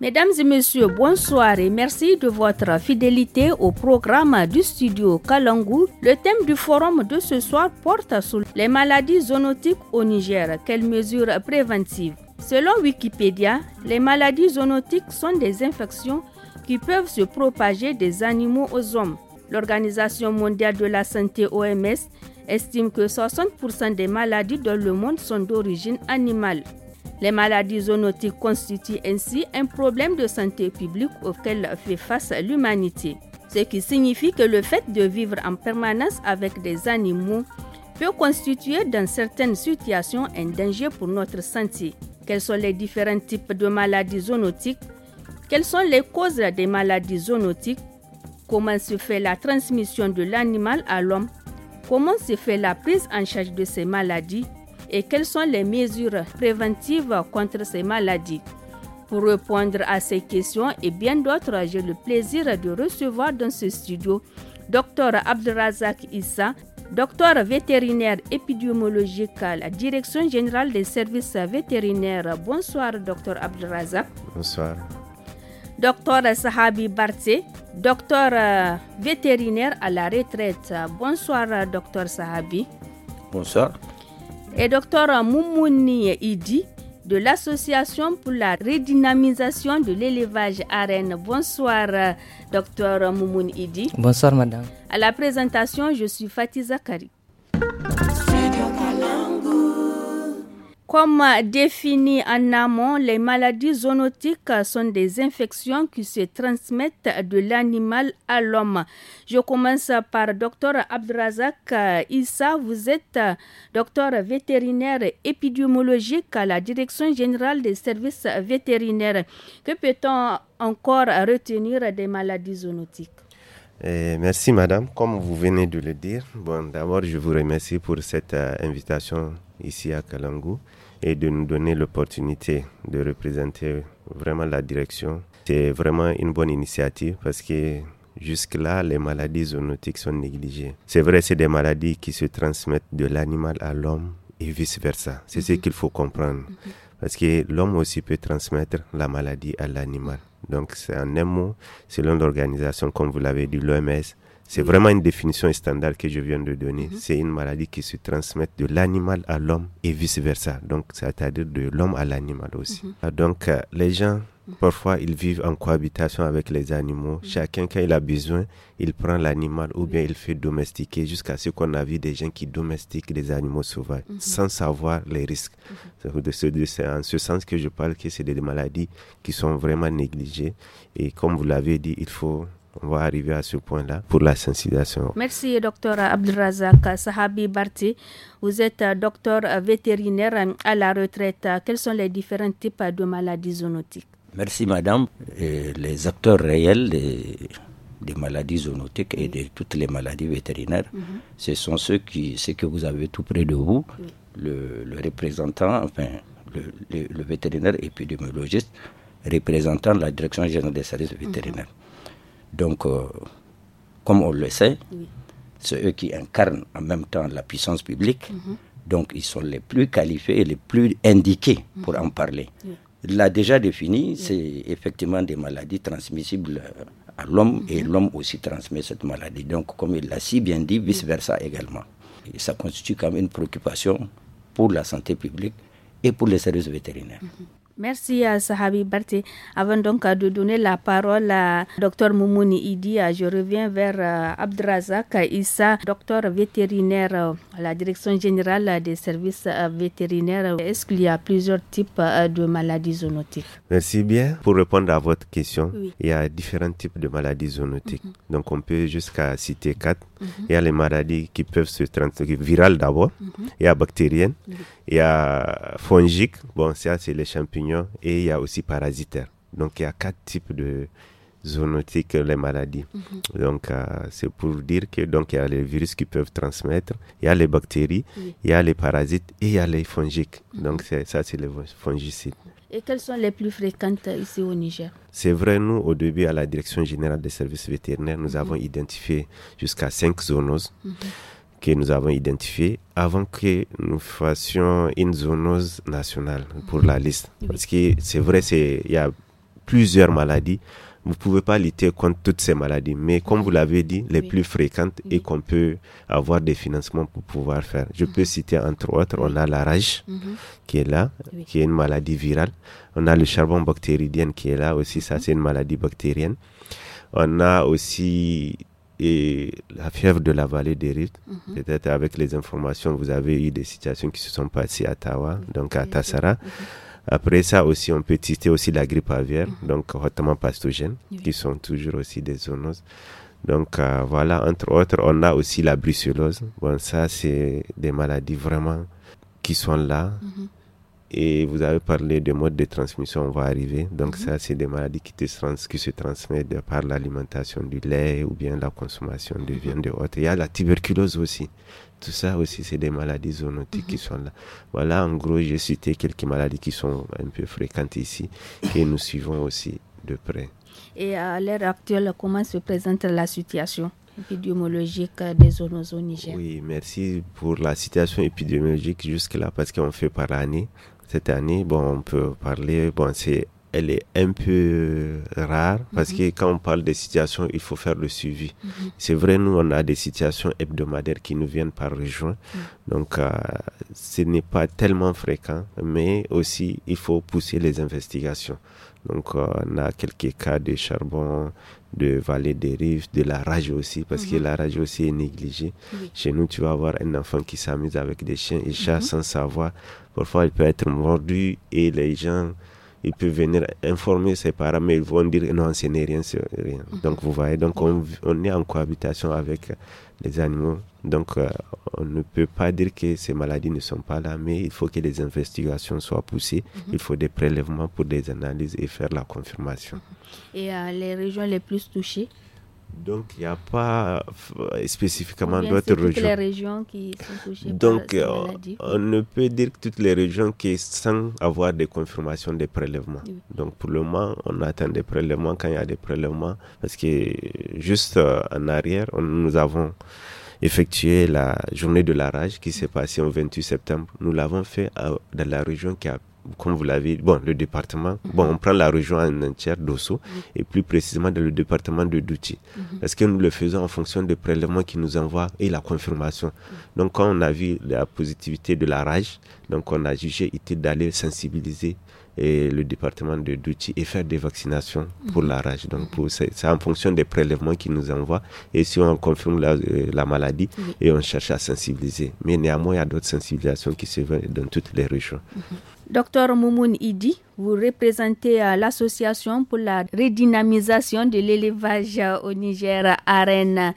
Mesdames et messieurs, bonsoir et merci de votre fidélité au programme du studio Kalangu. Le thème du forum de ce soir porte sur les maladies zoonotiques au Niger. Quelles mesures préventives Selon Wikipédia, les maladies zoonotiques sont des infections qui peuvent se propager des animaux aux hommes. L'Organisation mondiale de la santé OMS estime que 60% des maladies dans le monde sont d'origine animale. Les maladies zoonotiques constituent ainsi un problème de santé publique auquel fait face l'humanité, ce qui signifie que le fait de vivre en permanence avec des animaux peut constituer dans certaines situations un danger pour notre santé. Quels sont les différents types de maladies zoonotiques Quelles sont les causes des maladies zoonotiques Comment se fait la transmission de l'animal à l'homme Comment se fait la prise en charge de ces maladies et quelles sont les mesures préventives contre ces maladies. Pour répondre à ces questions et bien d'autres, j'ai le plaisir de recevoir dans ce studio Dr Abdelrazak Issa, docteur vétérinaire épidémiologique à la Direction générale des services vétérinaires. Bonsoir Dr Abdelrazak. Bonsoir. Docteur Sahabi Barté, docteur euh, vétérinaire à la retraite. Bonsoir docteur Sahabi. Bonsoir et Dr Moumouni Idi de l'Association pour la redynamisation de l'élevage à Rennes. Bonsoir, Dr Moumouni Idi. Bonsoir, madame. À la présentation, je suis Fatih Zakari. Comme défini en amont, les maladies zoonotiques sont des infections qui se transmettent de l'animal à l'homme. Je commence par Dr Abdrazak Issa. Vous êtes docteur vétérinaire épidémiologique à la Direction générale des services vétérinaires. Que peut-on encore retenir des maladies zoonotiques eh, merci madame. Comme vous venez de le dire, bon, d'abord je vous remercie pour cette euh, invitation ici à Kalangu et de nous donner l'opportunité de représenter vraiment la direction. C'est vraiment une bonne initiative parce que jusque-là, les maladies zoonotiques sont négligées. C'est vrai, c'est des maladies qui se transmettent de l'animal à l'homme et vice-versa. C'est ce mhm. qu'il faut comprendre. Mhm. Parce que l'homme aussi peut transmettre la maladie à l'animal. Donc, c'est en un mot, selon l'organisation, comme vous l'avez dit, l'OMS, c'est vraiment une définition standard que je viens de donner. Mhm. C'est une maladie qui se transmet de l'animal à l'homme et vice-versa. Donc, c'est-à-dire de l'homme à l'animal aussi. Mhm. Ah, donc, euh, les gens, mhm. parfois, ils vivent en cohabitation avec les animaux. Chacun, quand il a besoin, il prend l'animal ou bien il fait domestiquer jusqu'à ce qu'on a vu des gens qui domestiquent des animaux sauvages sans savoir les risques. C'est en ce sens que je parle que c'est des maladies qui sont vraiment négligées. Et comme vous l'avez dit, il faut on va arriver à ce point-là pour la sensibilisation. Merci, docteur Abdelrazak Sahabi Barti. Vous êtes docteur vétérinaire à la retraite. Quels sont les différents types de maladies zoonotiques Merci, madame. les acteurs réels des, maladies zoonotiques et de toutes les maladies vétérinaires, mhm. ce sont ceux, qui, que vous avez tout près de vous, le, représentant, enfin, le, vétérinaire épidémiologiste représentant la direction générale des services mhm. vétérinaires. Donc, euh, comme on le sait, c'est eux qui incarnent en même temps la puissance publique. Mhm. Donc, ils sont les plus qualifiés et les plus indiqués mhm. pour en parler. Il L'a déjà défini, c'est effectivement des maladies transmissibles à l'homme mhm. et l'homme aussi transmet cette maladie. Donc, comme il l'a si bien dit, vice-versa également. ça constitue quand même une préoccupation pour la santé publique et pour les services vétérinaires. Merci à Sahabi Barté. Avant donc de donner la parole à Dr Moumouni Idi, euh, je reviens vers euh, Abdrazak Issa, docteur vétérinaire euh, à la Direction générale des services vétérinaires. Est-ce qu'il y a plusieurs types de maladies zoonotiques Merci bien. Pour répondre à votre question, il y a différents types de maladies zoonotiques. Mm-hmm. Donc on peut jusqu'à citer quatre. Mm-hmm. Il y a les maladies qui peuvent se transmettre, virales d'abord, mm-hmm. il y a bactériennes, il y a fongiques, bon ça c'est les champignons et il y a aussi parasitaires. Donc il y a quatre types de zoonotiques, les maladies. Mhm. Donc euh, c'est pour dire que donc il y a les virus qui peuvent transmettre, il y a les bactéries, il y a les parasites et il y a les fongiques. Mhm. Donc ça c'est les fongicides. Et quelles sont les plus fréquentes ici au Niger C'est vrai, nous, au début, à la Direction générale des services vétérinaires, nous mhm. avons identifié jusqu'à cinq zoonoses que nous avons identifié avant que nous fassions une zoonose nationale pour la liste. Parce que c'est vrai, il y a plusieurs maladies. Vous ne pouvez pas lutter contre toutes ces maladies, mais comme vous l'avez dit, les plus fréquentes et qu'on peut avoir des financements pour pouvoir faire. Je peux mhm. citer entre autres, on a la rage mhm. qui est là, qui est une maladie virale. On a le charbon bactérien qui est là aussi, ça mhm. c'est une maladie bactérienne. On a aussi et la fièvre de la vallée des rites. Mhm. Peut-être avec les informations, vous avez eu des situations qui se sont passées à Tawa, donc à Tassara. Mhm. Après ça aussi, on peut citer aussi la grippe aviaire, mhm. donc hautement pathogène, qui sont toujours aussi des zoonoses. Donc euh, voilà, entre autres, on a aussi la brucellose. Bon, ça, c'est des maladies vraiment qui sont là et vous avez parlé de modes de transmission, on va arriver. Donc mhm. ça, c'est des maladies qui, trans qui se transmettent par l'alimentation du lait ou bien la consommation de mhm. viande de haute. Il y a la tuberculose aussi. Tout ça aussi, c'est des maladies zoonotiques qui mhm. sont là. Voilà, en gros, j'ai cité quelques maladies qui sont un peu fréquentes ici et nous suivons aussi de près. Et à l'heure actuelle, comment se présente la situation épidémiologique des zoonoses au Oui, merci pour la situation épidémiologique jusque-là parce qu'on fait par année. Cette année, bon, on peut parler, bon, c'est elle est un peu rare parce mhm. que quand on parle des situations, il faut faire le suivi. Mhm. C'est vrai, nous, on a des situations hebdomadaires qui nous viennent par région. Donc, euh, ce n'est pas tellement fréquent, mais aussi, il faut pousser les investigations. Donc, on a quelques cas de charbon, de vallée des rives, de la rage aussi, parce que mhm. la rage aussi est négligée. Chez nous, tu vas avoir un enfant qui s'amuse avec des chiens et chats mhm. sans savoir. Parfois, il peut être mordu et les gens, ils peuvent venir informer ses parents, mais ils vont dire non, ce n'est rien, c'est rien. Mhm. Donc, vous voyez, donc on, on, est en cohabitation avec les animaux donc, euh, on ne peut pas dire que ces maladies ne sont pas là, mais il faut que des investigations soient poussées. Mhm. Il faut des prélèvements pour des analyses et faire la confirmation. Mhm. Et euh, les régions les plus touchées donc, il n'y a pas euh, spécifiquement d'autres régions. Toutes les régions qui sont touchées Donc, Donc, on ne peut dire que toutes les régions qui sans avoir des confirmations des prélèvements. Donc, pour le moment, on attend des prélèvements quand il y a des prélèvements, parce que juste en arrière, nous avons effectuer la journée de la rage qui s'est passée au 28 septembre. Nous l'avons fait dans la région qui a comme vous l'avez, bon, le département, mhm. bon, on prend la région en entière d'Osso, et plus précisément dans le département de Douti. Mhm. Parce que nous le faisons en fonction des prélèvements qu'ils nous envoient et la confirmation. Mhm. Donc, quand on a vu la positivité de la rage, donc on a jugé utile d'aller sensibiliser et le département de Douti et faire des vaccinations pour mhm. la rage. Donc, c'est en fonction des prélèvements qu'ils nous envoient et si on confirme la, euh, maladie et on cherche à sensibiliser. Mais néanmoins, il y a d'autres sensibilisations qui se font dans toutes les régions. Mhm. Docteur Moumoun Idi, vous représentez euh, l'association pour la redynamisation de l'élevage euh, au Niger à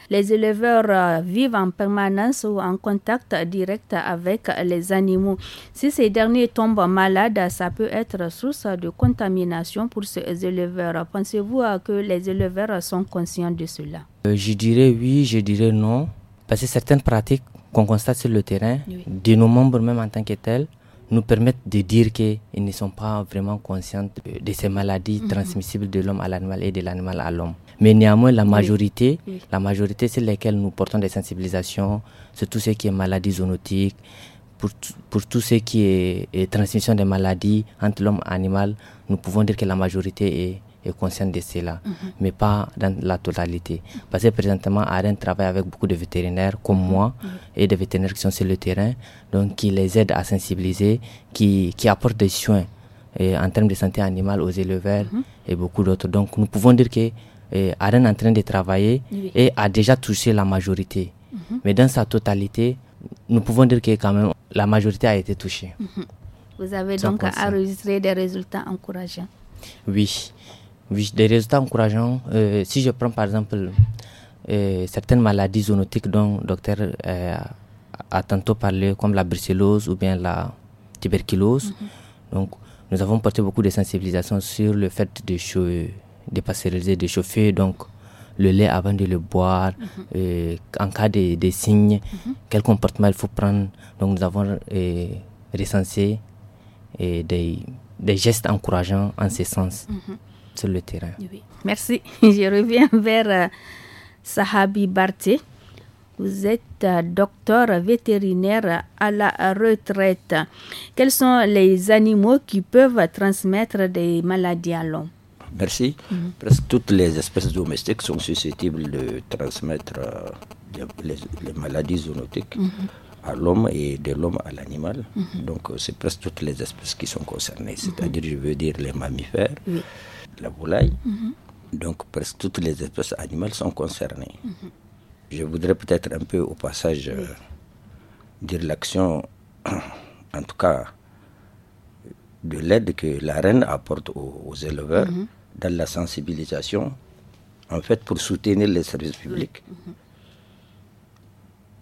Les éleveurs euh, vivent en permanence ou en contact direct avec les animaux. Si ces derniers tombent malades, ça peut être source de contamination pour ces éleveurs. Pensez-vous que les éleveurs sont conscients de cela Je dirais oui, je dirais non. Parce que certaines pratiques qu'on constate sur le terrain, de nos membres même en tant que tels, nous permettent de dire qu'ils ne sont pas vraiment conscients de ces maladies mhm. transmissibles de l'homme à l'animal et de l'animal à l'homme. Mais néanmoins, la majorité, la majorité sur laquelle nous portons des sensibilisations, c'est tout ce qui est maladie zoonotiques. pour, pour, tout ce qui est, est transmission des maladies entre l'homme et l'animal, nous pouvons dire que la majorité est, et consciente de cela, mhm. mais pas dans la totalité. Parce que présentement, AREN travaille avec beaucoup de vétérinaires comme moi mhm. et des vétérinaires qui sont sur le terrain, donc qui les aident à sensibiliser, qui, qui apportent des soins en termes de santé animale aux éleveurs mhm. et beaucoup d'autres. Donc nous pouvons dire que est en train de travailler et a déjà touché la majorité. Mais dans sa totalité, nous pouvons dire que quand même la majorité a été touchée. Vous avez donc enregistré des résultats encourageants. Oui, des résultats encourageants. Euh, si je prends par exemple euh, certaines maladies zoonotiques dont le docteur euh, a tantôt parlé, comme la brucellose ou bien la tuberculose, mm-hmm. donc nous avons porté beaucoup de sensibilisation sur le fait de, de pasteuriser, de chauffer donc le lait avant de le boire, mm-hmm. en cas de, de signes, mm-hmm. quel comportement il faut prendre. Donc nous avons recensé des, des, gestes encourageants en ce sens sur le terrain. Merci. Je reviens vers euh, Sahabi Barté. Vous êtes euh, docteur vétérinaire à la retraite. Quels sont les animaux qui peuvent transmettre des maladies à l'homme Merci. Mhm. Presque toutes les espèces domestiques sont susceptibles de transmettre euh, les, maladies zoonotiques. Mhm. à l'homme et de l'homme à l'animal. Mhm. Donc, c'est presque toutes les espèces qui sont concernées, c'est-à-dire, je veux dire, les mammifères, la volaille. Mhm. Donc presque toutes les espèces animales sont concernées. Mhm. Je voudrais peut-être un peu au passage euh, dire l'action, en tout cas, de l'aide que la reine apporte aux, éleveurs mhm. dans la sensibilisation, en fait, pour soutenir les services publics.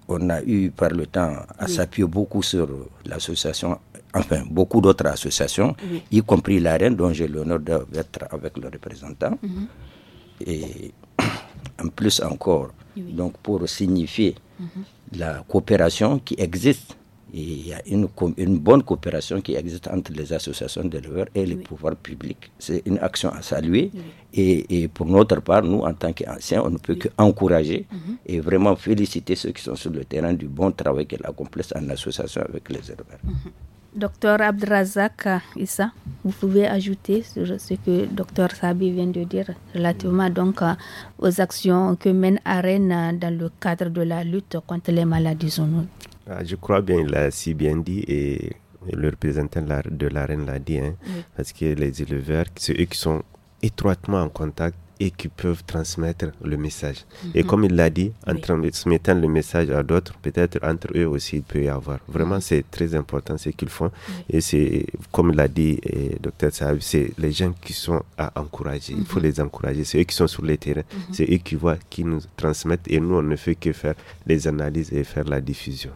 On a eu par le temps à s'appuyer beaucoup sur l'association enfin beaucoup d'autres associations, y compris l'AREN, dont j'ai l'honneur d'être avec le représentant. Mhm. Et en plus encore, donc pour signifier mhm. la coopération qui existe, et il y a une, bonne coopération qui existe entre les associations d'éleveurs et les pouvoirs publics. C'est une action à saluer. Et, pour notre part, nous, en tant qu'anciens, on ne peut qu'encourager encourager mhm. et vraiment féliciter ceux qui sont sur le terrain du bon travail qu'elle accomplissent en association avec les éleveurs. Docteur Abdrazak Issa, vous pouvez ajouter sur ce que Docteur Sabi vient de dire relativement donc aux actions que mène Arena dans le cadre de la lutte contre les maladies zoonotiques. Ah, je crois bien, il l'a si bien dit et le représentant de l'arena l'a dit, hein, parce que les éleveurs, c'est eux qui sont étroitement en contact et qui peuvent transmettre le message. Et mhm. comme il l'a dit, en transmettant le message à d'autres, peut-être entre eux aussi, il peut y avoir. Vraiment, c'est très important ce qu'ils font. Et c'est, comme l'a dit eh, docteur Saab, c'est les gens qui sont à encourager. Il faut mhm. les encourager. C'est eux qui sont sur le terrain. Mhm. C'est eux qui voient, qui nous transmettent. Et nous, on ne fait que faire les analyses et faire la diffusion.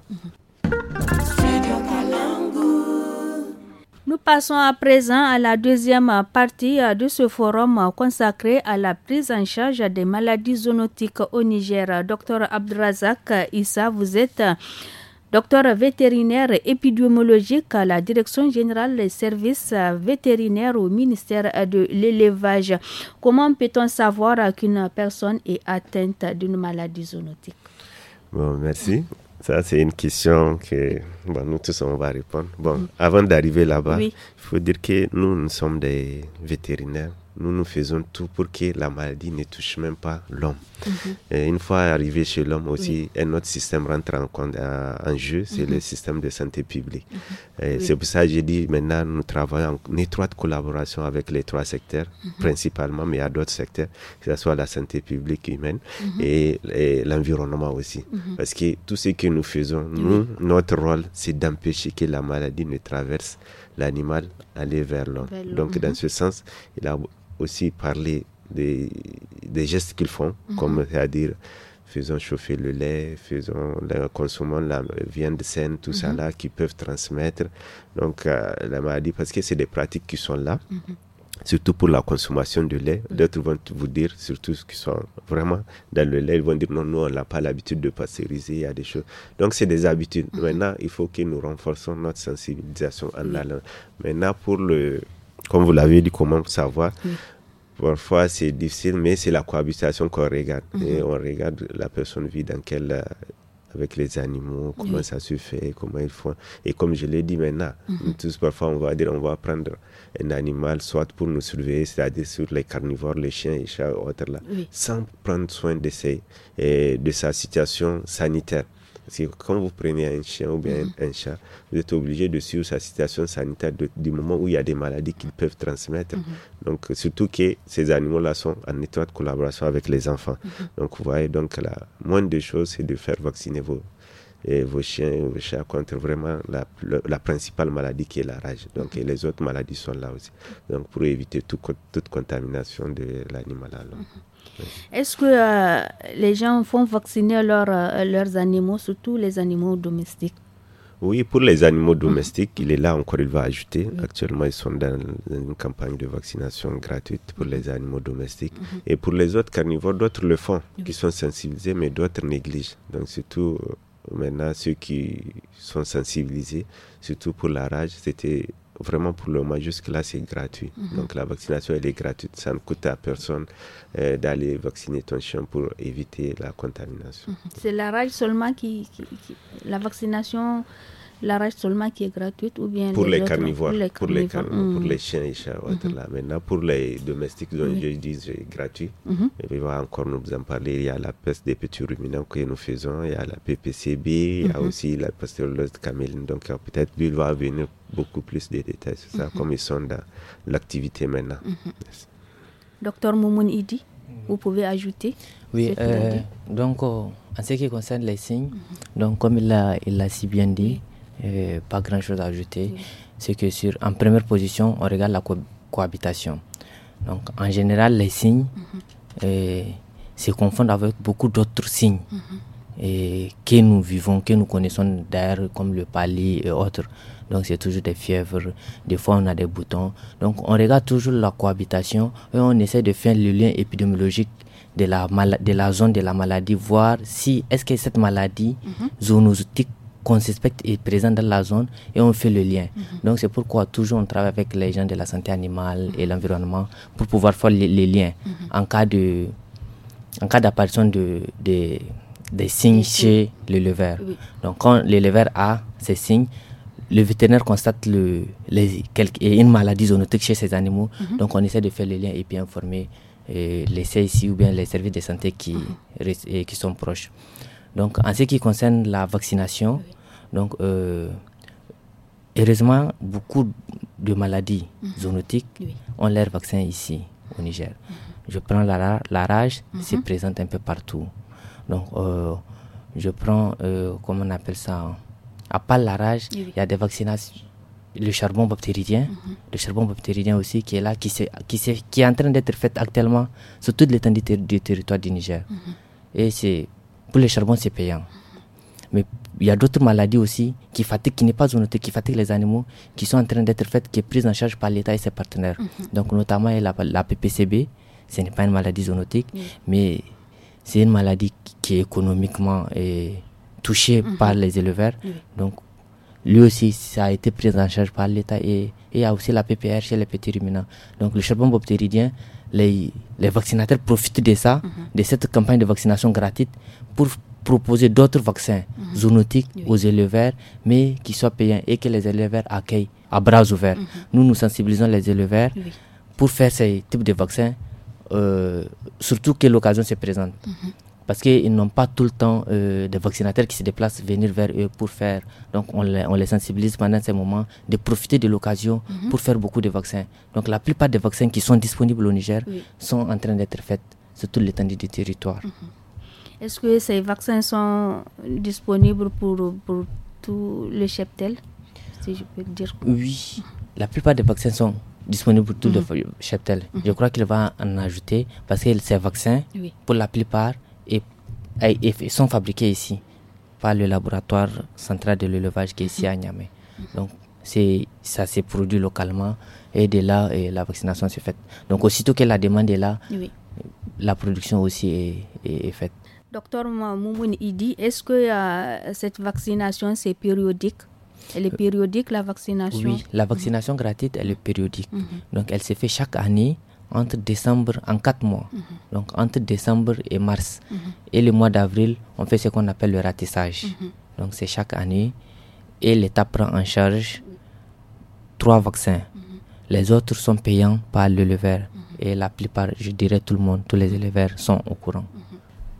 Nous passons à présent à la deuxième partie euh, de ce forum euh, consacré à la prise en charge des maladies zoonotiques au Niger. Docteur Abdrazak Issa, vous êtes euh, docteur vétérinaire épidémiologique à la Direction générale des services vétérinaires au ministère de l'élevage. Comment peut-on savoir qu'une personne est atteinte d'une maladie zoonotique Bon, merci. Ça, c'est une question que nous tous, on va répondre. Bon, mm. avant d'arriver là-bas, il faut dire que nous, nous sommes des vétérinaires nous nous faisons tout pour que la maladie ne touche même pas l'homme. Mhm. Une fois arrivé chez l'homme aussi, notre un système rentre euh, en, jeu, c'est le mhm. système de santé publique. Mhm. C'est pour ça que j'ai dit maintenant nous travaillons en étroite collaboration avec les trois secteurs, principalement, mais à d'autres secteurs, que ce soit la santé publique humaine et, l'environnement aussi. Parce que tout ce que nous faisons, nous, notre rôle, c'est d'empêcher que la maladie ne traverse l'animal aller vers l'homme. Donc dans ce sens, il a aussi parler des, gestes qu'ils font, mhm. comme c'est-à-dire faisons chauffer le lait, faisons, la, consommons la viande saine, tout ça mhm. là, qui peuvent transmettre donc euh, la maladie, parce que c'est des pratiques qui sont là. Mhm. Surtout pour la consommation de lait. D'autres vont vous dire, surtout ceux qui sont vraiment dans le lait, ils vont dire non, nous, on n'a pas l'habitude de pasteuriser, il y a des choses. Donc, c'est des habitudes. Maintenant, il faut que nous renforçons notre sensibilisation en allant. Maintenant, pour le, comme vous l'avez dit, comment savoir Parfois, c'est difficile, mais c'est la cohabitation qu'on regarde. Mhm. Et on regarde la personne vit dans euh, avec les animaux, comment ça se fait, comment ils font. Et comme je l'ai dit maintenant, mhm. tous parfois on va dire on va prendre un animal soit pour nous surveiller, c'est-à-dire sur les carnivores, les chiens et chats, autres là, sans prendre soin et de sa situation sanitaire que quand vous prenez un chien ou bien un, chat, vous êtes obligé de suivre sa situation sanitaire du moment où il y a des maladies qu'ils peuvent transmettre. Mhm. Donc, surtout que ces animaux-là sont en étroite collaboration avec les enfants. Mhm. Donc, vous voyez, donc la moindre des choses, c'est de faire vacciner vos, vos chiens et vos chats contre vraiment la, principale maladie qui est la rage. Donc, mhm. les autres maladies sont là aussi. Donc, pour éviter toute contamination de l'animal à l'homme. Est-ce que euh, les gens font vacciner euh, leurs animaux, surtout les animaux domestiques Oui, pour les animaux ah. domestiques, il est là encore, il va ajouter. Actuellement, ils sont dans une campagne de vaccination gratuite pour les mhm. animaux domestiques. Mhm. Et pour les autres carnivores, d'autres le font, qui sont sensibilisés, mais d'autres négligent. Donc, surtout euh, maintenant, ceux qui sont sensibilisés, surtout pour la rage, c'était vraiment pour le moment, jusque-là, c'est gratuit. Mhm. Donc la vaccination, elle est gratuite. Ça ne coûte à personne euh, d'aller vacciner ton chien pour éviter la contamination. Mhm. C'est la règle seulement qui, La vaccination l'arrache seulement qui est gratuite ou bien pour les, carnivores, pour hmm. les, chiens et chats. Mhm. Maintenant, pour les domestiques dont je dis c'est gratuit, mhm. il va encore nous en parler. Il y a la peste des petits ruminants que nous faisons, il y a la PPCB, il y a mhm. aussi la de caméline. Donc peut-être il va venir beaucoup plus de détails sur ça, comme ils sont dans l'activité maintenant. Docteur Moumoun Idi, vous pouvez ajouter Oui, euh, donc en ce qui concerne les signes, donc comme il l'a il a si bien dit, pas grand-chose à ajouter. C'est que sur, en première position, on regarde la cohabitation. Donc, en général, les signes mhm. euh, se confondent avec beaucoup d'autres signes mhm. et que nous vivons, que nous connaissons d'ailleurs, comme le pali et autres. Donc, c'est toujours des fièvres. Des fois, on a des boutons. Donc, on regarde toujours la cohabitation et on essaie de faire le lien épidémiologique de la, zone de la maladie, voir si est-ce que cette maladie mhm. zoonotique qu'on suspecte est présent dans la zone et on fait le lien. Mhm. Donc c'est pourquoi toujours on travaille avec les gens de la santé animale et mhm. l'environnement pour pouvoir faire les, liens mhm. en cas de en cas d'apparition de, des signes chez l'éleveur. Le oui. Donc quand l'éleveur a ces signes, le vétérinaire constate le, les, quelques une maladie zoonotique chez ces animaux. Donc on essaie de faire le lien et puis informer euh, les CIC ou bien les services de santé qui, qui sont proches. Donc, en ce qui concerne la vaccination, donc, euh, heureusement, beaucoup de maladies mhm. zoonotiques ont leur vaccin ici, au Niger. Mhm. Je prends la, rage, c'est mhm. présent un peu partout. Donc, euh, je prends, euh, comment on appelle ça À part la rage, il y a des vaccinations. Le charbon bactérien, le charbon bactérien aussi qui est là, qui, est, qui, en train d'être fait actuellement sur toute l'étendue du territoire du Niger. Et c'est pour le charbon, c'est payant. Mais il y a d'autres maladies aussi qui fatiguent, qui n'est pas zoonotique, qui fatiguent les animaux, qui sont en train d'être faites, qui est prise en charge par l'État et ses partenaires. Mhm. Donc notamment la, la PPCB, ce n'est pas une maladie zoonotique, mais c'est une maladie qui est économiquement touchée mhm. par les éleveurs. Donc lui aussi, ça a été pris en charge par l'État et, il y a aussi la PPR chez les petits ruminants. Donc le charbon bactérien, les les vaccinateurs profitent de ça, mhm. de cette campagne de vaccination gratuite, pour proposer d'autres vaccins mhm. zoonotiques aux éleveurs, mais qui soient payants et que les éleveurs accueillent à bras ouverts. Mhm. Nous, nous sensibilisons les éleveurs pour faire ces types de vaccins, euh, surtout que l'occasion se présente parce qu'ils n'ont pas tout le temps euh, des vaccinateurs qui se déplacent venir vers eux pour faire. Donc on les, sensibilise pendant ces moments de profiter de l'occasion mhm. pour faire beaucoup de vaccins. Donc la plupart des vaccins qui sont disponibles au Niger sont en train d'être faits sur tout l'étendue du territoire. Mhm. Est-ce que ces vaccins sont disponibles pour, pour tout le cheptel, si je peux dire Oui, la plupart des vaccins sont disponibles pour tout le mhm. cheptel. Je crois qu'il va en ajouter parce que ces vaccins, pour la plupart, ils sont fabriqués ici par le laboratoire central de l'élevage qui est ici à Niamey. Donc c'est ça s'est produit localement et de là et la vaccination s'est faite. Donc aussitôt que la demande est là, la production aussi est, faite. Docteur il dit, est-ce que euh, cette vaccination c'est périodique Elle est périodique la vaccination Oui, la vaccination gratuite elle est périodique. Mhm. Donc elle se fait chaque année entre décembre, en quatre mois, mhm. donc entre décembre et mars, mhm. et le mois d'avril, on fait ce qu'on appelle le ratissage. Mhm. Donc c'est chaque année, et l'État prend en charge trois vaccins. Les autres sont payants par l'éleveur, et la plupart, je dirais tout le monde, tous les éleveurs sont au courant.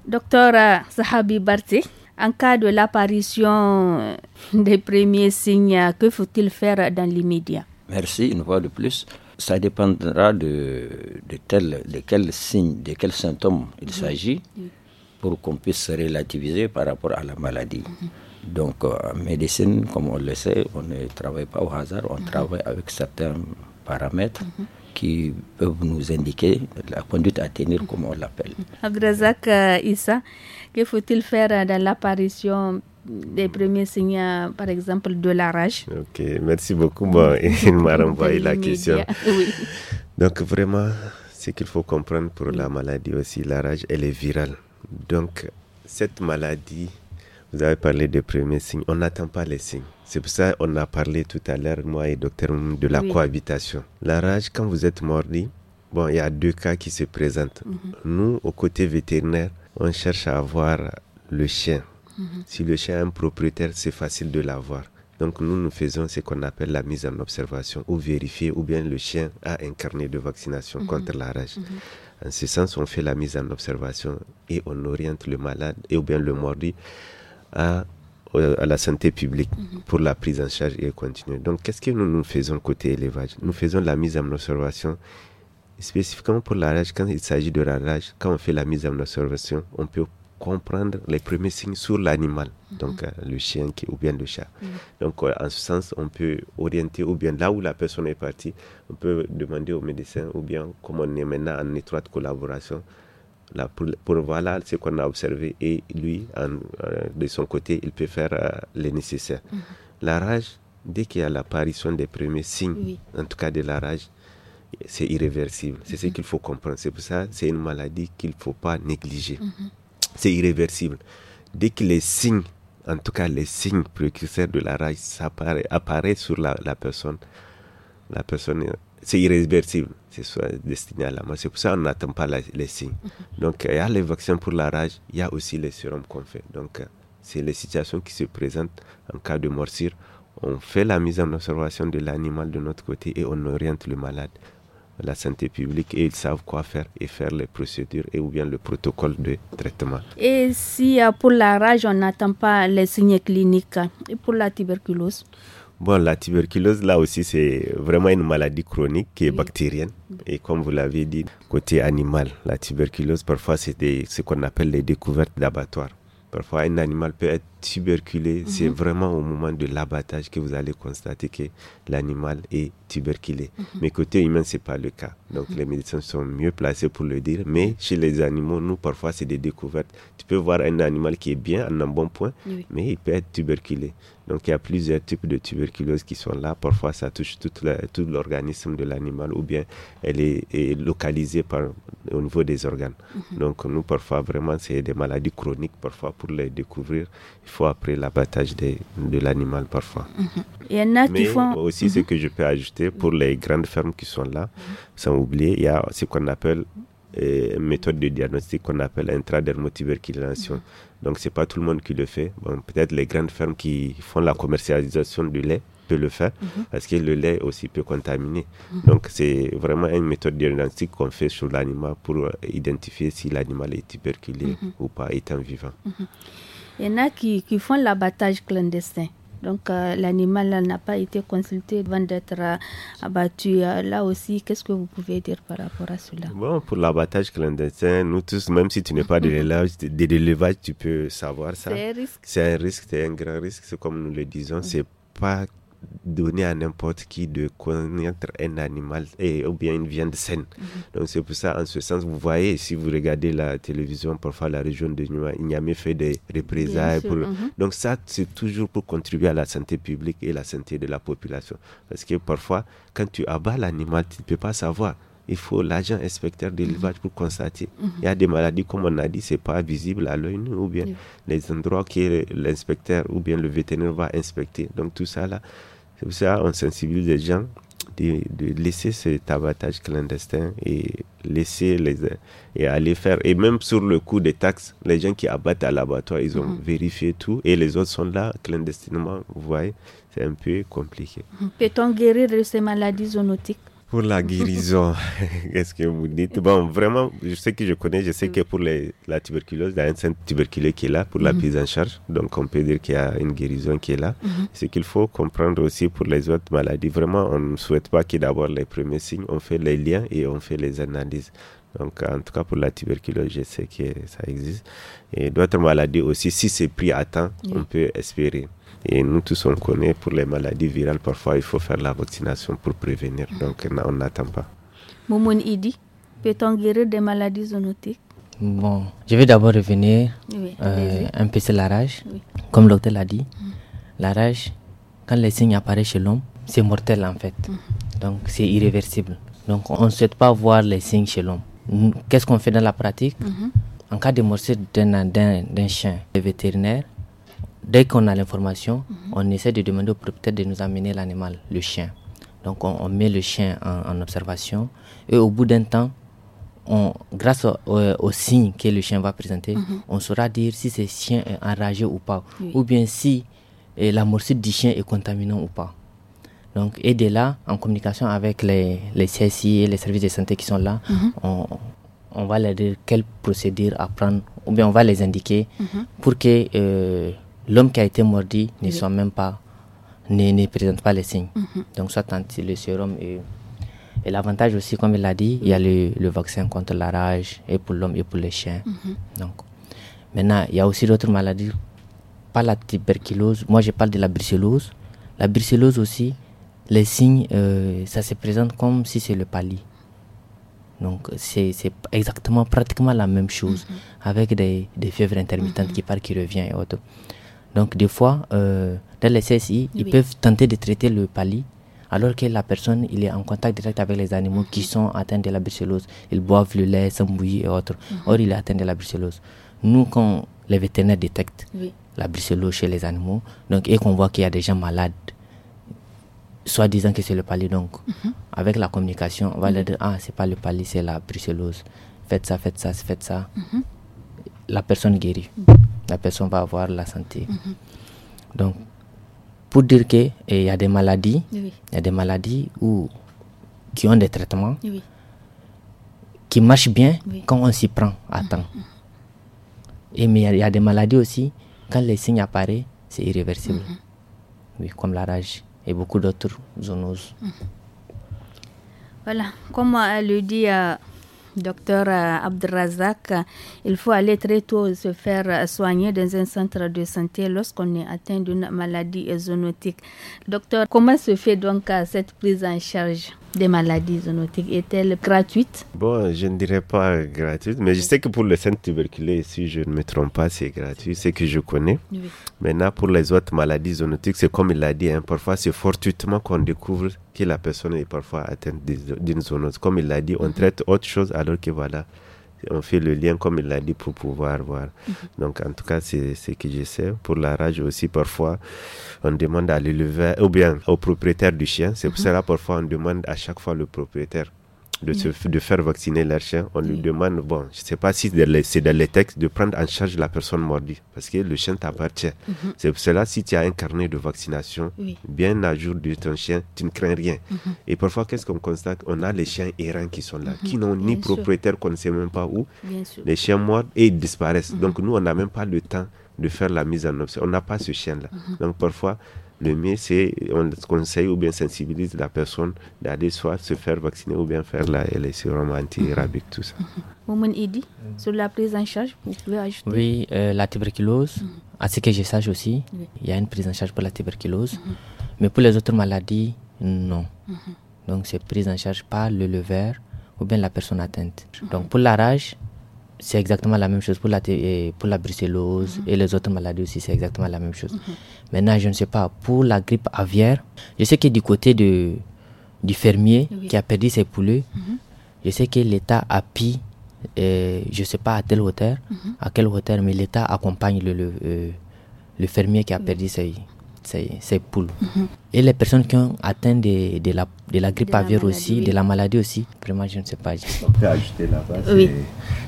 Docteur Sahabi euh, Barti, en cas de l'apparition euh, des premiers signes, euh, que faut-il faire dans l'immédiat Merci une fois de plus ça dépendra de, de, tel, de quel de quels symptômes il mhm. s'agit pour qu'on puisse se relativiser par rapport à la maladie. Mhm. Donc, euh, en médecine, comme on le sait, on ne travaille pas au hasard, on mhm. travaille avec certains paramètres qui peuvent nous indiquer la conduite à tenir, comme on l'appelle. Abdrazak euh, Issa, que faut-il faire euh, dans l'apparition des premiers signes, euh, par exemple, de la rage. Ok, merci beaucoup. Bon, il m'a renvoyé la question. Donc, vraiment, ce qu'il faut comprendre pour la maladie aussi, la rage, elle est virale. Donc, cette maladie, vous avez parlé des premiers signes. On n'attend pas les signes. C'est pour ça qu'on a parlé tout à l'heure, moi et docteur, de la cohabitation. La rage, quand vous êtes mordi, bon, il y a deux cas qui se présentent. Mhm. Nous, au côté vétérinaire, on cherche à avoir le chien Mhm. Si le chien a un propriétaire, c'est facile de l'avoir. Donc nous, nous faisons ce qu'on appelle la mise en observation ou vérifier ou bien le chien a un carnet de vaccination mhm. contre la rage. Mhm. En ce sens, on fait la mise en observation et on oriente le malade et ou bien le mordu à, euh, à la santé publique pour la prise en charge et continuer. Donc qu'est-ce que nous, nous faisons côté élevage Nous faisons la mise en observation spécifiquement pour la rage, quand il s'agit de la rage, quand on fait la mise en observation, on peut comprendre les premiers signes sur l'animal, donc euh, le chien qui, ou bien le chat. Mm. Donc, euh, en ce sens, on peut orienter ou bien là où la personne est partie, on peut demander au médecin ou bien comme on est maintenant en étroite collaboration. Là, pour, voir là ce qu'on a observé et lui, euh, de son côté, il peut faire le nécessaire. Mm-hmm. La rage, dès qu'il y a l'apparition des premiers signes, en tout cas de la rage, c'est irréversible. C'est ce mm-hmm. qu'il faut comprendre. C'est pour ça c'est une maladie qu'il ne faut pas négliger. Mm-hmm c'est irréversible. Dès que les signes, en tout cas les signes précurseurs de la rage apparaissent sur la, personne, la personne, c'est irréversible. C'est destiné à la mort. C'est pour ça qu'on n'attend pas les signes. Mhm. Donc, il y a les vaccins pour la rage, il y a aussi les sérums qu'on fait. Donc, c'est les situations qui se présentent en cas de morsure. On fait la mise en observation de l'animal de notre côté et on oriente le malade la santé publique et ils savent quoi faire et faire les procédures et ou bien le protocole de traitement. Et si euh, pour la rage, on n'attend pas les signes cliniques et pour la tuberculose Bon, la tuberculose, là aussi, c'est vraiment une maladie chronique qui est bactérienne. Et comme vous l'avez dit, côté animal, la tuberculose, parfois, c'est ce qu'on appelle les découvertes d'abattoirs. Parfois, un animal peut être tuberculé, mhm. c'est vraiment au moment de l'abattage que vous allez constater que l'animal est tuberculé. Mhm. Mais côté humain, ce n'est pas le cas. Donc mhm. les médecins sont mieux placés pour le dire. Mais chez les animaux, nous, parfois, c'est des découvertes. Tu peux voir un animal qui est bien, en un bon point, mais il peut être tuberculé. Donc il y a plusieurs types de tuberculose qui sont là. Parfois, ça touche tout, l'organisme de l'animal ou bien elle est, localisée par, au niveau des organes. Donc nous, parfois, vraiment, c'est des maladies chroniques. Parfois, pour les découvrir, il fois après l'abattage de, l'animal parfois. Mm-hmm. il y en a qui font... aussi ce mm-hmm. que je peux ajouter pour les grandes fermes qui sont là, mm-hmm. sans oublier, il y a ce qu'on appelle euh, méthode de diagnostic qu'on appelle intradermotuberculation. Donc c'est pas tout le monde qui le fait. Bon, peut-être les grandes fermes qui font la commercialisation du lait peut le faire parce que le lait aussi peut contaminer. Donc c'est vraiment une méthode diagnostique qu'on fait sur l'animal pour euh, identifier si l'animal est tuberculé ou pas, étant vivant. Il y en a qui, font l'abattage clandestin. Donc euh, l'animal l'animal n'a pas été consulté avant d'être euh, abattu. Euh, là aussi, qu'est-ce que vous pouvez dire par rapport à cela Bon, pour l'abattage clandestin, nous tous, même si tu n'es pas de l'élevage, tu peux savoir ça. C'est un risque. C'est un grand risque. C'est comme nous le disons, mm. c'est pas donner à n'importe qui de connaître un animal et, ou bien une viande saine. Mhm. Donc c'est pour ça, en ce sens, vous voyez, si vous regardez la télévision, parfois la région de jamais fait des représailles. Pour... Mhm. Donc ça, c'est toujours pour contribuer à la santé publique et la santé de la population. Parce que parfois, quand tu abats l'animal, tu ne peux pas savoir il faut l'agent inspecteur d'élevage pour constater. Mhm. Il y a des maladies, comme on a dit, c'est pas visible à l'œil ou bien les endroits que l'inspecteur ou bien le vétérinaire va inspecter. Donc tout ça là, on ça sensibilise les gens de, de, laisser cet abattage clandestin et laisser les et aller faire et même sur le coût des taxes les gens qui abattent à l'abattoir ils ont mhm. vérifié tout et les autres sont là clandestinement vous voyez c'est un peu compliqué mhm. peut-on guérir de ces maladies zoonotiques pour la guérison, qu'est-ce que vous dites Bon, vraiment, je sais que je connais, je sais mm. que pour la tuberculose, il y a un centre tuberculeux qui est là pour la mm-hmm. prise en charge. Donc, on peut dire qu'il y a une guérison qui est là. Mm-hmm. Ce qu'il faut comprendre aussi pour les autres maladies, vraiment, on ne souhaite pas qu'il y ait d'abord les premiers signes. On fait les liens et on fait les analyses. Donc, en tout cas, pour la tuberculose, je sais que ça existe. Et d'autres maladies aussi, si c'est pris à temps, on peut espérer. Et nous tous, on connaît, pour les maladies virales, parfois, il faut faire la vaccination pour prévenir. Mm. Donc, on n'attend pas. Moumoun Idi, peut-on guérir des maladies zoonotiques Bon, je vais d'abord revenir euh, un peu sur la rage. Comme l'hôtel l'a dit, mm. la rage, quand les signes apparaissent chez l'homme, c'est mortel en fait. Mm. Donc, c'est irréversible. Donc, on ne souhaite pas voir les signes chez l'homme. Qu'est-ce qu'on fait dans la pratique mm-hmm. En cas de morsure d'un chien, le vétérinaire dès qu'on a l'information, on essaie de demander au propriétaire de nous amener l'animal, le chien. Donc on, met le chien en, observation et au bout d'un temps, grâce aux au, signe que le chien va présenter, mhm. on saura dire si ce chien est enragé ou pas, ou bien si eh, la morsure du chien est contaminante ou pas. Donc, et de là, en communication avec les, les CSI et les services de santé qui sont là, mhm. on, va leur dire quelle procédure à prendre, ou bien on va les indiquer mhm. pour que euh, l'homme qui a été mordu ne même pas, ne, ne, présente pas les signes. Mhm. Donc, soit le sérum et, l'avantage aussi, comme il l'a dit, il y a le, vaccin contre la rage et pour l'homme et pour les chiens. Mhm. Donc, maintenant, il y a aussi d'autres maladies, pas la tuberculose. Moi, je parle de la brucellose. La brucellose aussi, les signes, euh, ça se présente comme si c'est le pali. Donc, c'est exactement, pratiquement la même chose, mhm. avec des, des fièvres intermittentes qui partent, qui reviennent et autres. Donc des fois, euh, dans les CSI, ils peuvent tenter de traiter le pali alors que la personne il est en contact direct avec les animaux qui mhm. sont atteints de la brucellose. Ils boivent le lait, s'embouillent et autres. Mhm. Or, il est atteint de la brucellose. Nous, quand les vétérinaires détectent la brucellose chez les animaux, donc, et qu'on voit qu'il y a des gens malades, soit disant que c'est le pali, donc, mhm. avec la communication, on va leur dire Ah, c'est pas le pali, c'est la brucellose. Faites ça, faites ça, faites ça. La personne guérit personne va avoir la santé. Mhm. Donc, pour dire qu'il y eh, a des maladies, il y a des maladies ou qui ont des traitements qui marchent bien quand on s'y prend à mhm. temps. Mhm. Et, mais il y, a des maladies aussi, quand les signes apparaissent, c'est irréversible. Oui, comme la rage et beaucoup d'autres zones Voilà, comme euh, le dit. Euh, Docteur euh, Abdrazak, euh, il faut aller très tôt se faire euh, soigner dans un centre de santé lorsqu'on est atteint d'une maladie zoonotique. Docteur, comment se fait donc cette prise en charge des maladies zoonotiques est-elle gratuite Bon, je ne dirais pas gratuite, mais je sais que pour le centre tuberculé si je ne me trompe pas, c'est gratuit, c'est que je connais. Maintenant, pour les autres maladies zoonotiques, c'est comme il l'a dit, hein, parfois c'est fortuitement qu'on découvre que la personne est parfois atteinte d'une zoonose. Comme il l'a dit, on mhm. traite autre chose alors que voilà, on fait le lien comme il l'a dit pour pouvoir voir. Mhm. Donc en tout cas, c'est ce que je sais. Pour la rage aussi, parfois, on demande à l'éleveur ou bien au propriétaire du chien. C'est mhm. pour cela parfois on demande à chaque fois le propriétaire de, faire vacciner leur chien, on lui demande, bon, je ne sais pas si c'est dans les textes, de prendre en charge la personne mordue, parce que le chien t'appartient. Mhm. C'est cela, si tu as un carnet de vaccination, bien à jour de ton chien, tu ne crains rien. Mhm. Et parfois, qu'est-ce qu'on constate On a les chiens errants qui sont là, mhm. qui n'ont ni propriétaire, qu'on ne sait même pas où. Les chiens mordent et ils disparaissent. Donc nous, on n'a même pas le temps de faire la mise en œuvre. On n'a pas ce chien-là. Donc parfois, le mieux, c'est on conseille ou bien sensibilise la personne d'aller soit se faire vacciner ou bien faire la, les anti tout ça. Maman Idi, sur la prise en charge, vous pouvez ajouter Oui, euh, la tuberculose, à ce que je sache aussi, il y a une prise en charge pour la tuberculose, mhm. mais pour les autres maladies, non. Mhm. Donc c'est prise en charge par le lever ou bien la personne atteinte. Mhm. Donc pour la rage, c'est exactement la même chose pour la, pour la brucellose mhm. et les autres maladies aussi, c'est exactement la même chose. Mhm. Maintenant, je ne sais pas, pour la grippe aviaire, je sais que du côté de, du fermier qui a perdu ses poulets, mhm. je sais que l'État a pris, euh, je ne sais pas à telle hauteur, à quelle hauteur, mais l'État accompagne le, le, euh, fermier qui a perdu ses, ces, poules. Mhm. Et les personnes qui ont atteint de, de la, grippe aviaire aussi, de la maladie aussi, vraiment, je ne sais pas. On peut ajouter là-bas,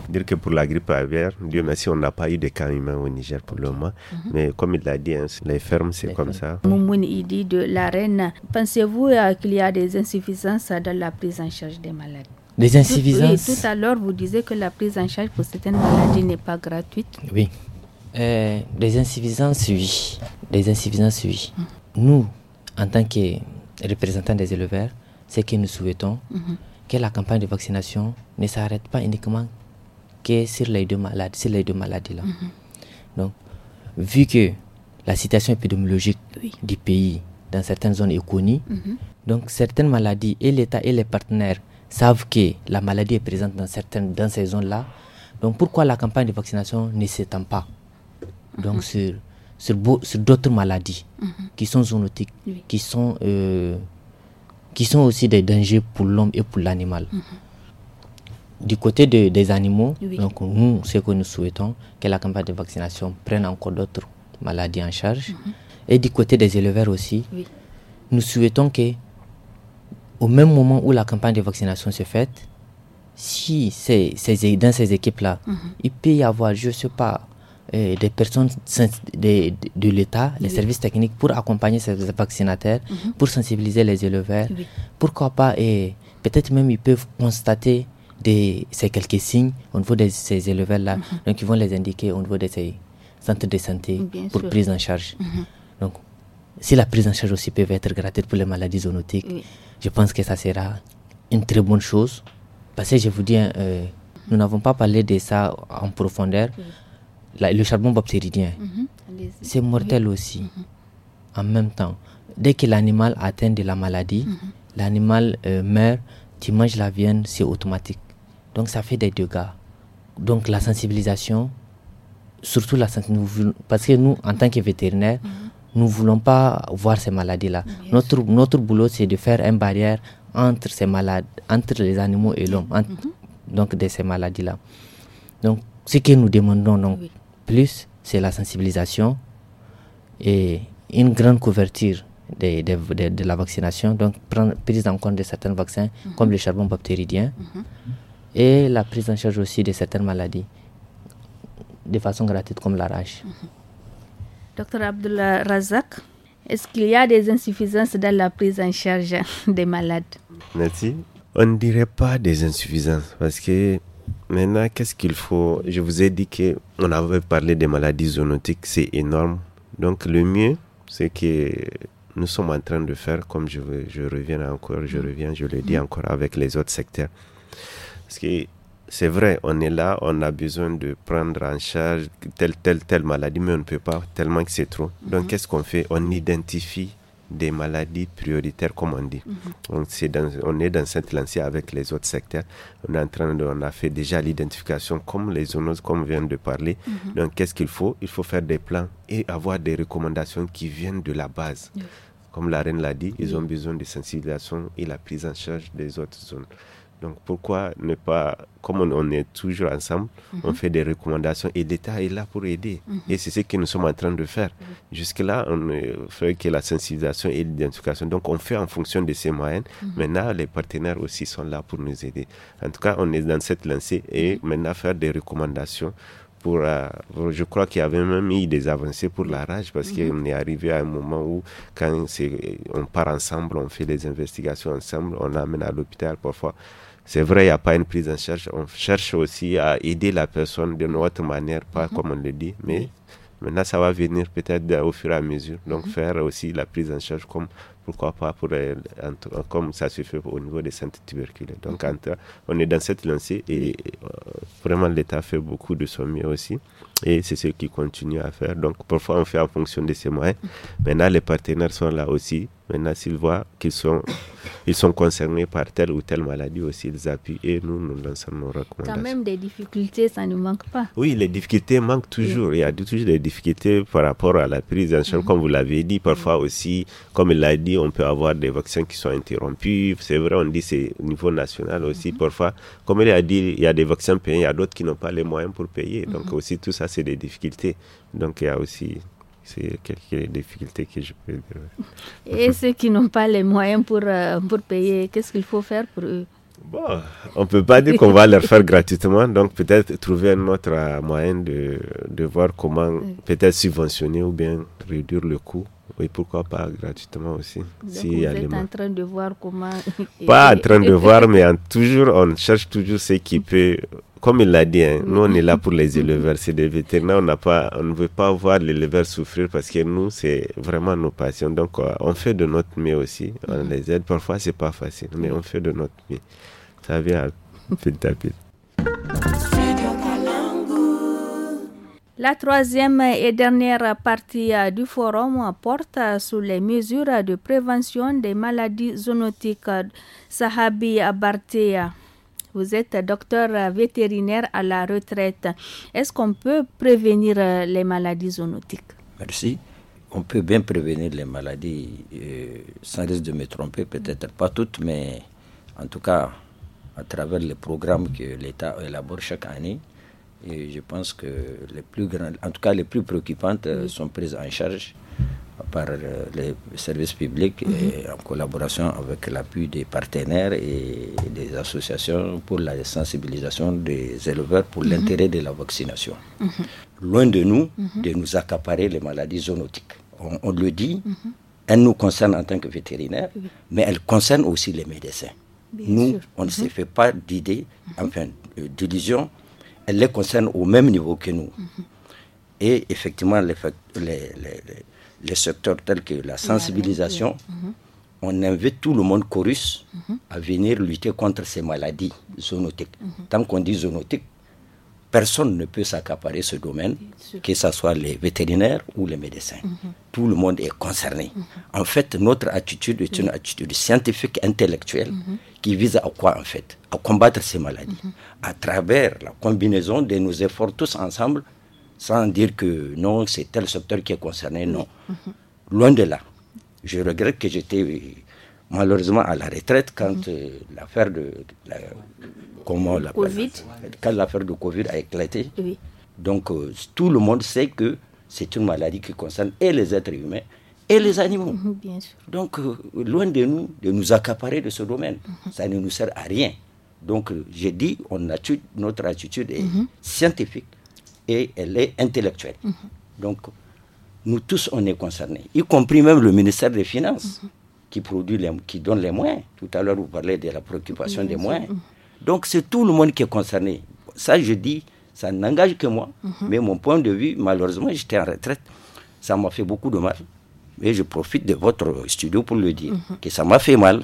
dire que pour la grippe aviaire, Dieu merci, on n'a pas eu de cas humains au Niger pour le moment. Mhm. Mais comme il l'a dit, hein, les fermes, c'est comme ça. Moumoun, il dit de la reine, pensez-vous euh, qu'il y a des insuffisances dans la prise en charge des malades des insuffisances. Tout, tout à l'heure, vous disiez que la prise en charge pour certaines maladies n'est pas gratuite. Oui. Des euh, Les insuffisances, oui. Les insuffisances, Nous, en tant que représentants des éleveurs, c'est que nous souhaitons mhm. que la campagne de vaccination ne s'arrête pas uniquement que sur les deux malades, sur les deux maladies là. Mhm. Donc, vu que la situation épidémiologique du pays dans certaines zones est connue, mhm. donc certaines maladies et l'État et les partenaires savent que la maladie est présente dans certaines dans ces zones là. Donc pourquoi la campagne de vaccination ne s'étend pas donc mhm. sur, sur, d'autres maladies mhm. qui sont zoonotiques, qui, sont, euh, qui sont aussi des dangers pour l'homme et pour l'animal. Mhm. Du côté des animaux, donc nous, ce que nous souhaitons, que la campagne de vaccination prenne encore d'autres maladies en charge. Et du côté des éleveurs aussi, nous souhaitons que, au même moment où la campagne de vaccination se fait, si dans ces équipes-là, il peut y avoir, je ne sais pas, des personnes de, l'État, les services techniques, pour accompagner ces vaccinateurs, mhm. pour sensibiliser les éleveurs. Pourquoi pas, et peut-être même ils peuvent constater des, ces quelques signes au niveau de ces éleveurs-là. Mhm. Donc ils vont les indiquer au niveau de ces centres de santé pour prise en charge. Mhm. Donc si la prise en charge aussi peut être gratuite pour les maladies zoonotiques, je pense que ça sera une très bonne chose. Parce que je vous dis, hein, euh, nous n'avons pas parlé de ça en profondeur le charbon bactérien, mhm. c'est mortel aussi. Mhm. En même temps, dès que l'animal atteint de la maladie, mhm. l'animal euh, meurt, tu manges la viande, c'est automatique. Donc ça fait des dégâts. Donc la sensibilisation, surtout la sensibilisation, parce que nous, en tant que vétérinaires, nous ne voulons pas voir ces maladies-là. Notre, notre boulot, c'est de faire une barrière entre ces malades, entre les animaux et l'homme, donc de ces maladies-là. Donc, ce que nous demandons, non plus c'est la sensibilisation et une grande couverture de, la vaccination, donc prendre, prise en compte de certains vaccins mhm. comme le charbon bactérien mhm. et la prise en charge aussi de certaines maladies de façon gratuite comme la rage. Mhm. Docteur Abdullah Razak, est-ce qu'il y a des insuffisances dans la prise en charge des malades Merci. On ne dirait pas des insuffisances parce que Maintenant, qu'est-ce qu'il faut Je vous ai dit qu'on avait parlé des maladies zoonotiques, c'est énorme. Donc le mieux, c'est que nous sommes en train de faire, comme je, je reviens encore, je mm. reviens, je le dis mm. encore avec les autres secteurs. Parce que c'est vrai, on est là, on a besoin de prendre en charge telle, telle, telle maladie, mais on ne peut pas tellement que c'est trop. Donc, mm. qu'est-ce qu'on fait On identifie des maladies prioritaires, comme on dit. Mhm. Donc, c'est on est dans cette lancée avec les autres secteurs. On est en train on a fait déjà l'identification comme les zones comme on vient de parler. Mhm. Donc, qu'est-ce qu'il faut Il faut faire des plans et avoir des recommandations qui viennent de la base. Comme la reine l'a dit, ils ont besoin de sensibilisation et la prise en charge des autres zones. Donc pourquoi ne pas, comme on, est toujours ensemble, on mhm. fait des recommandations et l'État est là pour aider. Mhm. Et c'est ce que nous sommes en train de faire. Mhm. Jusque-là, on fait que la sensibilisation et l'identification. Donc on fait en fonction de ces moyens. Maintenant, les partenaires aussi sont là pour nous aider. En tout cas, on est dans cette lancée et maintenant faire des recommandations euh, pour, je crois qu'il y avait même eu des avancées pour la rage parce qu'on est arrivé à un moment où quand on part ensemble, on fait des investigations ensemble, on amène à l'hôpital parfois. C'est vrai, il n'y a pas une prise en charge. On cherche aussi à aider la personne d'une autre manière, pas mhm. comme on le dit, mais maintenant ça va venir peut-être au fur et à mesure. Donc mhm. faire aussi la prise en charge comme pourquoi pas pour euh, comme ça se fait au niveau des centres tuberculaires. Donc mhm. on est dans cette lancée et euh, vraiment l'État fait beaucoup de son mieux aussi et c'est ce qu'il continue à faire. Donc parfois on fait en fonction de ses moyens. Maintenant les partenaires sont là aussi Maintenant, s'ils voient qu'ils sont, ils sont concernés par telle ou telle maladie aussi, ils appuient et nous, nous lançons nos recommandations. Quand même, des difficultés, ça ne manque pas. Oui, les difficultés manquent toujours. Il y a toujours des difficultés par rapport à la prise en charge, mm-hmm. comme vous l'avez dit. Parfois mm-hmm. aussi, comme il l'a dit, on peut avoir des vaccins qui sont interrompus. C'est vrai, on dit c'est au niveau national aussi. Mm-hmm. Parfois, comme il a dit, il y a des vaccins payés, il y a d'autres qui n'ont pas les moyens pour payer. Donc aussi, tout ça, c'est des difficultés. Donc il y a aussi c'est quelques difficultés que je peux dire. Et ceux qui n'ont pas les moyens pour, euh, pour payer, qu'est-ce qu'il faut faire pour eux Bon, on ne peut pas dire qu'on va leur faire gratuitement, donc peut-être trouver un autre euh, moyen de, de voir comment peut-être subventionner ou bien réduire le coût. Oui, pourquoi pas gratuitement aussi. si vous êtes en train de voir comment... Pas en train de voir, mais toujours, on cherche toujours ce qui mm. peut comme il l'a dit, hein, mm. nous on est là pour les éleveurs, c'est des vétérinaires, on n'a pas, on ne veut pas voir éleveurs souffrir parce que nous c'est vraiment nos passions. Donc euh, on fait de notre mieux aussi, on mm. les aide. Parfois c'est pas facile, mais on fait de notre mieux. Ça vient petit à petit. La troisième et dernière partie euh, du forum porte sur les mesures de prévention des maladies zoonotiques. Sahabi Abartea. Vous êtes docteur vétérinaire à la retraite. Est-ce qu'on peut prévenir euh, les maladies zoonotiques Merci. On peut bien prévenir les maladies, euh, sans risque de me tromper, peut-être pas toutes, mais en tout cas, à travers les programmes que l'État élabore chaque année, je pense que les plus grandes, en tout cas les plus préoccupantes, euh, sont prises en charge par les services publics et mhm. en collaboration avec l'appui des partenaires et associations pour la sensibilisation des éleveurs pour mhm. l'intérêt de la vaccination. Loin de nous mhm. de nous accaparer les maladies zoonotiques. On, le dit, mhm. elle nous concerne en tant que vétérinaires, mais elle concerne aussi les médecins. nous, on ne se fait pas d'idées, enfin d'illusions. elles les concerne au même niveau que nous. Et effectivement, les, les, les, secteurs tels que la sensibilisation, on invite tout le monde chorus à venir lutter contre ces maladies zoonotiques. Mhm. Tant qu'on dit zoonotique, personne ne peut s'accaparer ce domaine, que ce soit les vétérinaires ou les médecins. Mhm. Tout le monde est concerné. Mhm. En fait, notre attitude est une attitude scientifique, intellectuelle, qui vise à quoi en fait À combattre ces maladies. À travers la combinaison de nos efforts tous ensemble, sans dire que non, c'est tel secteur qui est concerné, non. Loin de là je regrette que j'étais malheureusement à la retraite quand mhm. euh, l'affaire de, comment la COVID. quand l'affaire de Covid a éclaté. Donc euh, tout le monde sait que c'est une maladie qui concerne et les êtres humains et les animaux. Mhm, Donc euh, loin de nous de nous accaparer de ce domaine, mhm. ça ne nous sert à rien. Donc j'ai dit on a, notre attitude est scientifique et elle est intellectuelle. Donc nous tous, on est concernés, y compris même le ministère des Finances, mhm. qui, produit les, qui donne les moyens. Tout à l'heure, vous parlez de la préoccupation des moyens. Mhm. Donc, c'est tout le monde qui est concerné. Ça, je dis, ça n'engage que moi. Mhm. Mais mon point de vue, malheureusement, j'étais en retraite. Ça m'a fait beaucoup de mal. Mais je profite de votre studio pour le dire, que ça m'a fait mal,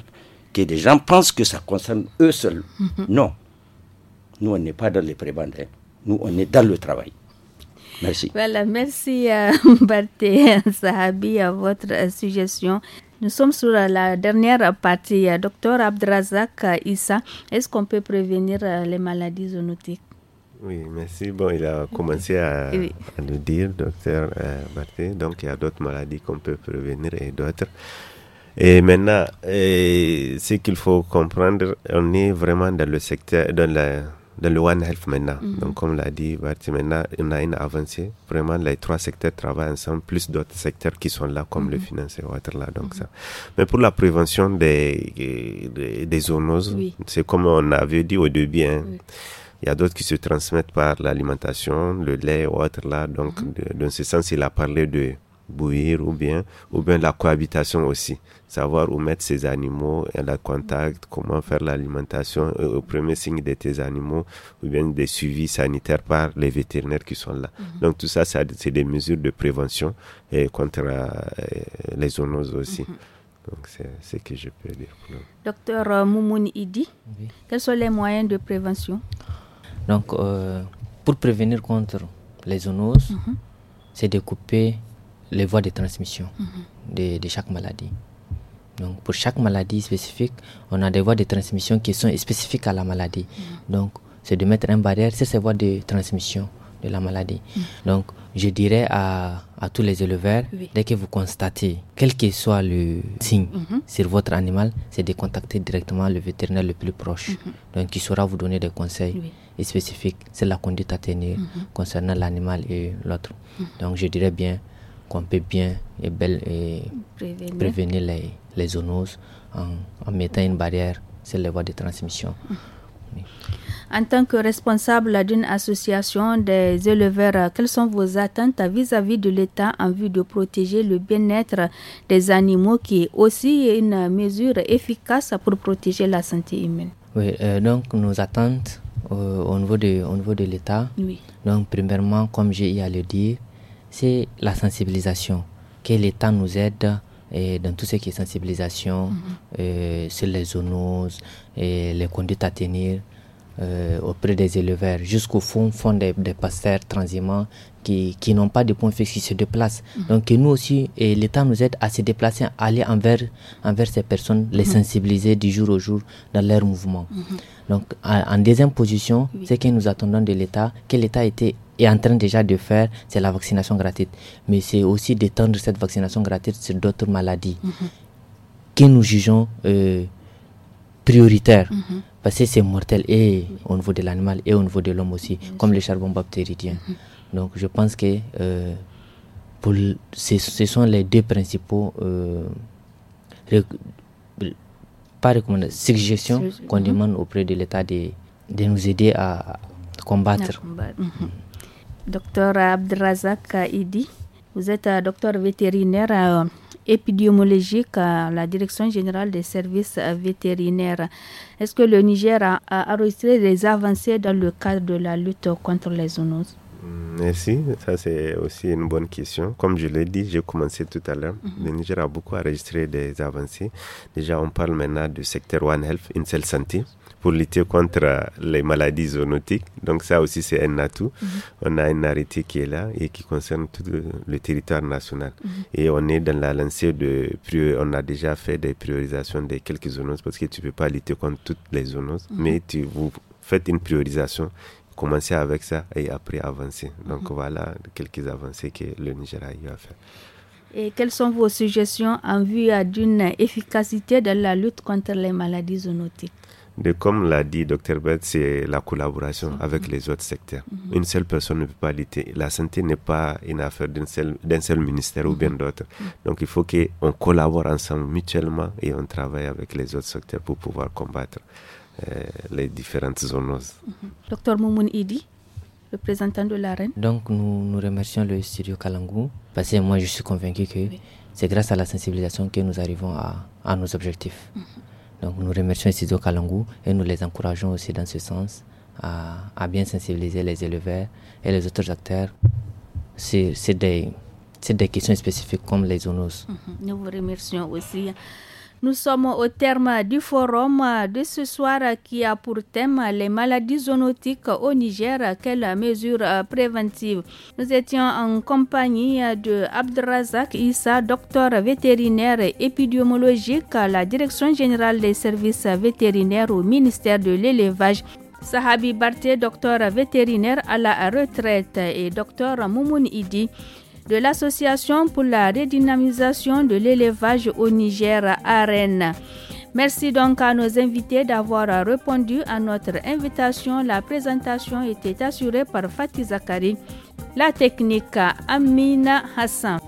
que des gens pensent que ça concerne eux seuls. Non. Nous, on n'est pas dans les prébendes. Nous, on est dans le travail. Merci. Voilà, merci à euh, Barthé Sahabi à votre suggestion. Nous sommes sur la dernière partie. Docteur Abdrazak Issa, est-ce qu'on peut prévenir euh, les maladies zoonotiques Oui, merci. Bon, il a commencé à, nous dire, docteur euh, Barthé. Donc, il y a d'autres maladies qu'on peut prévenir et d'autres. Et maintenant, et ce qu'il faut comprendre, on est vraiment dans le secteur, dans la dans le One Health maintenant. Mhm. Donc, comme l'a dit Barty, maintenant, on a une avancée. Vraiment, les trois secteurs travaillent ensemble, plus d'autres secteurs qui sont là, comme le mhm. financier ou autre là. Donc, mhm. ça. Mais pour la prévention des, des, zoonoses, c'est comme on avait dit au début, hein. Il y a d'autres qui se transmettent par l'alimentation, le lait ou autre là. Donc, dans ce sens, il a parlé de bouillir ou bien, ou bien la cohabitation aussi. Savoir où mettre ses animaux, et la contact, comment faire l'alimentation euh, au premier signe de tes animaux ou bien des suivis sanitaires par les vétérinaires qui sont là. Mhm. Donc tout ça, c'est des mesures de prévention et contre euh, les zoonoses aussi. Mhm. Donc, c'est ce que je peux dire. Docteur euh, Moumouni Idi, quels sont les moyens de prévention Donc, pour prévenir contre les zoonoses, mhm. c'est de couper les voies de transmission mhm. de, chaque maladie. Donc, pour chaque maladie spécifique, on a des voies de transmission qui sont spécifiques à la maladie. Mhm. Donc, c'est de mettre un barrière sur ces voies de transmission de la maladie. Mhm. Donc, je dirais à, tous les éleveurs, dès que vous constatez, quel que soit le signe sur votre animal, c'est de contacter directement le vétérinaire le plus proche, donc qui saura vous donner des conseils. spécifiques sur la conduite à tenir concernant l'animal et l'autre. Donc je dirais bien qu'on peut bien et, belle prévenir. les, les zoonoses en, mettant une barrière sur les voies de transmission. Mm. En tant que responsable d'une association des éleveurs, quelles sont vos attentes vis-à-vis de l'État en vue de protéger le bien-être des animaux, qui est aussi une mesure efficace pour protéger la santé humaine Oui, euh, donc nos attentes euh, au niveau de, niveau de l'État. Donc, premièrement, comme j'ai à le dire, c'est la sensibilisation. Que l'État nous aide et dans tout ce qui est sensibilisation mhm. euh, sur les zoonoses et les conduites à tenir euh, auprès des éleveurs, jusqu'au fond, fond des, des pasteurs transhumants qui, n'ont pas de points fixes, qui se déplacent. Mm-hmm. Donc nous aussi, et l'État nous aide à se déplacer, à aller envers, envers ces personnes, les mm-hmm. sensibiliser du jour au jour dans leur mouvement. Mm-hmm. Donc en, deuxième position, ce que nous attendons de l'État, que l'État était est en train déjà de faire, c'est la vaccination gratuite. Mais c'est aussi d'étendre cette vaccination gratuite sur d'autres maladies que nous jugeons euh, prioritaires parce que c'est mortel et au niveau de l'animal et au niveau de l'homme aussi, comme le charbon bactérien. Donc je pense que euh, ce sont les deux principaux euh, suggestions qu'on mhm. demande auprès de l'État de, nous aider à combattre. Mhm. Docteur Abdrazak Idi, vous êtes euh, docteur vétérinaire épidémiologique à la Direction générale des services vétérinaires. Est-ce que le Niger a enregistré des avancées dans le cadre de la lutte contre les zoonoses Mm, merci, ça c'est aussi une bonne question. Comme je l'ai dit, j'ai commencé tout à l'heure. Mhm. Le Niger a beaucoup enregistré des avancées. Déjà, on parle maintenant du secteur One Health, une seule santé, pour lutter contre euh, les maladies zoonotiques. Donc ça aussi c'est un atout. Mhm. On a une arrêté qui est là et qui concerne tout le territoire national. Mhm. Et on est dans la lancée de... On a déjà fait des priorisations des quelques zoonoses parce que tu ne peux pas lutter contre toutes les zoonoses, mais tu vous faites une priorisation commencer avec ça et après avancer. Mhm. Donc voilà quelques avancées que le Niger a eu à faire. Et quelles sont vos suggestions en vue d'une efficacité de la lutte contre les maladies zoonotiques de, comme l'a dit Dr Bert, c'est la collaboration mhm. avec les autres secteurs. Mhm. Une seule personne ne peut pas lutter. La santé n'est pas une affaire d'un seul, ministère ou bien d'autres. Donc il faut qu'on collabore ensemble mutuellement et on travaille avec les autres secteurs pour pouvoir combattre. Euh, les différentes zoonoses. Mhm. Docteur Moumoun Idi, représentant de la reine. Donc nous, nous remercions le studio Kalangu, parce que moi je suis convaincu que c'est grâce à la sensibilisation que nous arrivons à, nos objectifs. Mhm. Donc nous remercions le studio Kalangu et nous les encourageons aussi dans ce sens à, bien sensibiliser les éleveurs et les autres acteurs. C'est des, des, questions spécifiques comme les zones mhm. Nous vous remercions aussi. Nous sommes au terme du forum de ce soir qui a pour thème les maladies zoonotiques au Niger, quelles mesures préventives. Nous étions en compagnie de Abdrazak Issa, docteur vétérinaire épidémiologique à la Direction générale des services vétérinaires au ministère de l'élevage. Sahabi Barté, docteur vétérinaire à la retraite et docteur Moumoun Idi, de l'Association pour la redynamisation de l'élevage au Niger à Rennes. Merci donc à nos invités d'avoir répondu à notre invitation. La présentation était assurée par Fatih Zakari, la technique Amina Hassan.